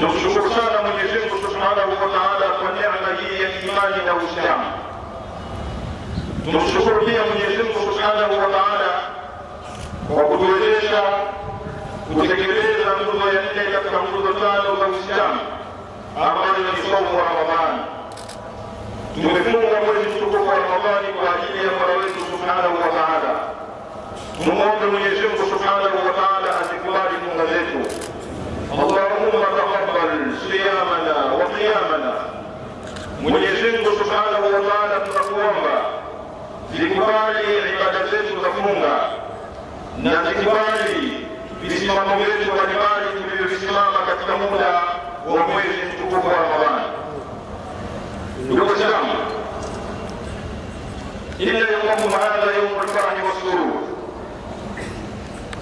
Tumshukuru sana Mwenyezi Mungu Subhanahu wa Ta'ala kwa neema hii ya imani na Uislamu. Tumshukuru pia Mwenyezi Mungu Subhanahu wa Ta'ala kwa kutuwezesha kutekeleza nguzo ya nne katika nguzo tano za Uislamu ambayo ni somo wa Ramadhani. Tumefunga mwezi mtukufu wa Ramadhani kwa ajili ya Mola wetu Subhanahu wa Ta'ala. Tumwombe Mwenyezi Mungu Subhanahu wa Ta'ala Mwenyezi Mungu Subhanahu wa Ta'ala, tunakuomba zikubali ibada zetu za funga na zikubali visimamo vyetu mbalimbali tulivyovisimama katika muda wa mwezi mtukufu wa Ramadhani. Ndugu zangu, ila yaumu hadha yaumul farahi wassurur,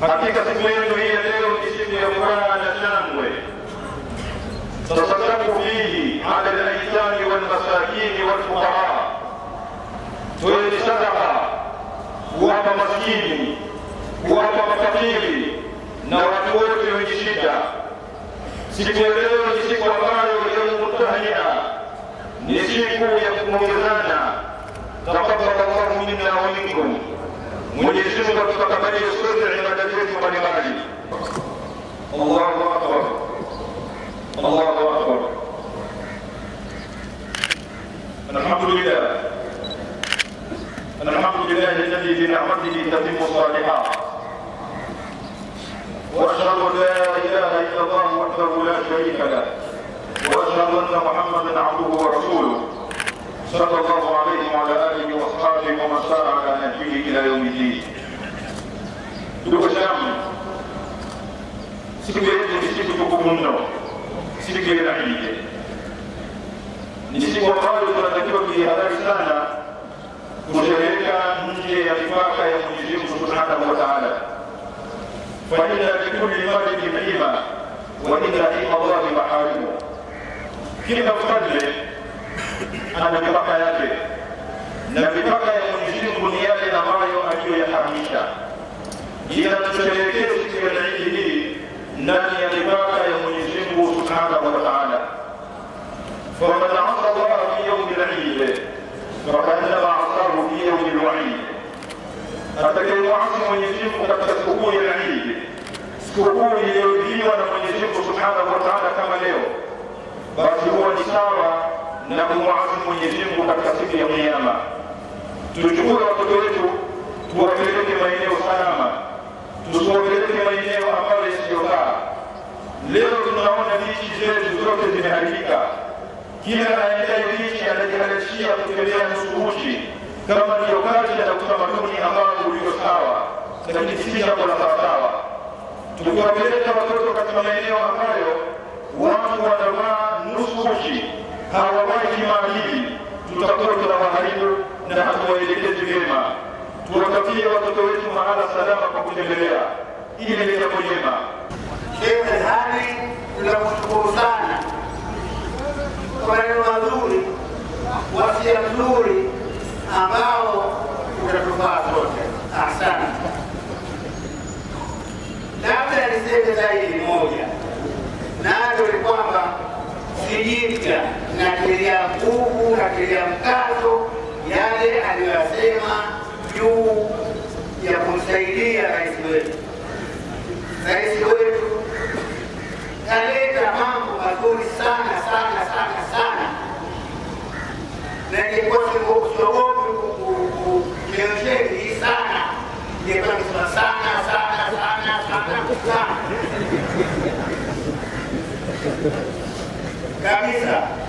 hakika siku yenu hii ya leo ni siku ya furaha na shangwe. Tasaddaku fihi ala walmasakini walfuqara, toeni sadaka kuwapa maskini, kuwapa mafakiri na watu wote wenye shida. Siku ya leo ni siku ambayo yaumu tahia, ni siku ya kupongezana. Taqabbala Allahu minna wa minkum, Mwenyezi Mungu atukakabalie sote ibada zetu mbalimbali. Allahu akbar, Allahu akbar. الحمد لله الحمد لله الذي بنعمته تتم الصالحات واشهد ان لا اله الا الله وحده لا شريك له واشهد ان محمدا عبده ورسوله صلى الله عليه وعلى اله واصحابه ومن سار على نهجه الى يوم الدين ndugu zangu siku yetu ni siku tukufu mno siku ya Eid ni siku ambayo tunatakiwa kuihadhari sana kusherehekea nje ya mipaka ya Mwenyezi Mungu Subhanahu wa Ta'ala. Fa inna likulli malikin hima wa inna lillahi maharimu, kila mfalme ana mipaka yake na mipaka ya Mwenyezi Mungu ni yale ambayo aliyoyahamisha. Ila tusherehekee siku ya Eid hii ndani ya mipaka ya Mwenyezi Mungu Subhanahu wa Ta'ala. فقد عصى الله في يوم العيد وكانما عصاه في يوم الوعيد atakai waasi Mwenyezi Mungu katika sikukuu ya Eid, sikukuu iliyoidiwa na Mwenyezi Mungu Subhanahu wa Ta'ala kama leo, basi huwa ni sawa na kumwasi Mwenyezi Mungu katika siku ya Kiyama. Tuchukue watoto wetu tuwapeleke maeneo salama, tusiwapeleke maeneo ambayo yasiyokaa. Leo tunaona nchi zetu zote zimeharibika kila anayedai dini anajihalalisha kutembea nusu uchi kama ndio kati ya utamaduni ambao ulio sawa lakini si jambo la sawasawa. Tukiwapeleka watoto katika maeneo ambayo watu wanavaa nusu uchi hawawahi kimaadili, tutakuwa tunawaharibu na hatuwaelekezi vyema. Tuwapatie watoto wetu mahala salama kwa kutembelea, ili ni jambo jema. Hali tunakushukuru sana maneno mazuri, wasia mzuri ambao utatufaa zote Asante. Labda niseme zaidi moja, nalo ni kwamba sijinga natilia nguvu, natilia mkazo yale aliyoyasema juu ya kumsaidia rais wetu né, que outro o o Evangelho e sana. Depois é fala, sana, sana, sana, sana, sana. Kabisa.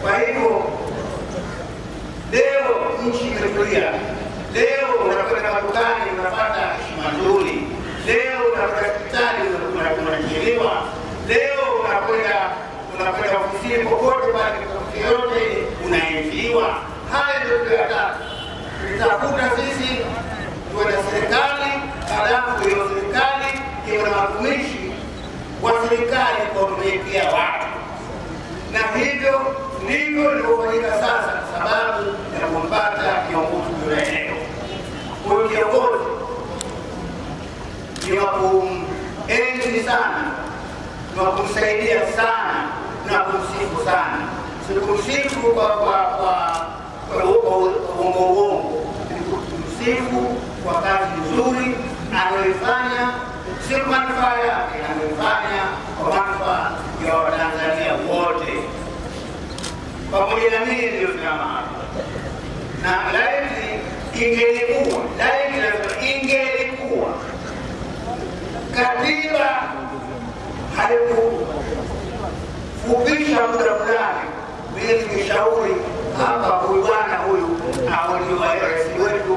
Kwa hivyo leo nchi imetulia, leo unakwenda madukani unapata heshima nzuri, leo deu uma unachelewa, leo unakwenda unakwenda ofisini popote pale yote kuzuiliwa. Haya ndio tunayotaka. Tutakuta sisi tuwe na serikali, halafu hiyo serikali iwe na watumishi wa serikali kwa watu, na hivyo ndivyo ilivyofanyika sasa, kwa sababu ya kumpata kiongozi tunaeneo. Huyu kiongozi ni wa sana, ni kumsaidia sana na kumsifu sana, sikumsifu kwa kwa siku kazi nzuri anaoifanya sio manufaa yake, anaoifanya kwa manufaa ya Watanzania wote pamoja na mimi. Ndio kama na laiti ingelikuwa laiti ingelikuwa katiba haikufupisha muda fulani, mimi nimeshauri hapa huyu bwana huyu aoniwa rais wetu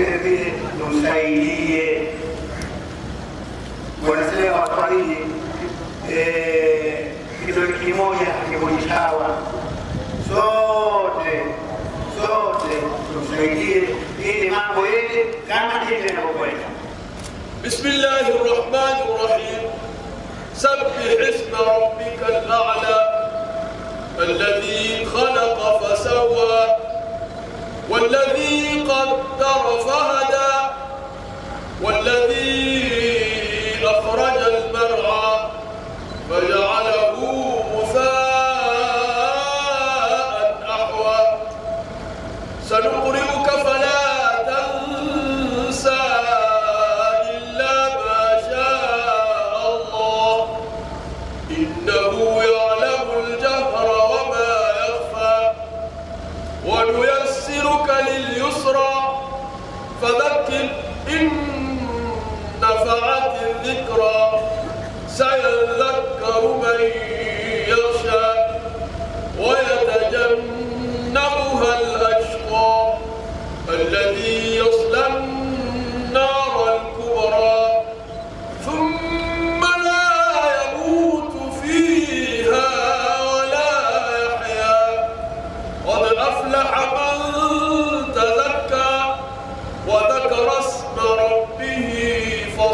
بيبي نسيلية ونسلي وطريه إذا كيمويا كيمويشاوا sote sote tusaidie ili mambo yeje kama dini inavyokwenda بسم الله الرحمن الرحيم سبح اسم ربك الأعلى الذي خلق فسوى والذي قدر فهدى والذي ونيسرك لليسرى فذكر إن نفعت الذكرى سيذكر من يخشى ويتذكر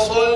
soul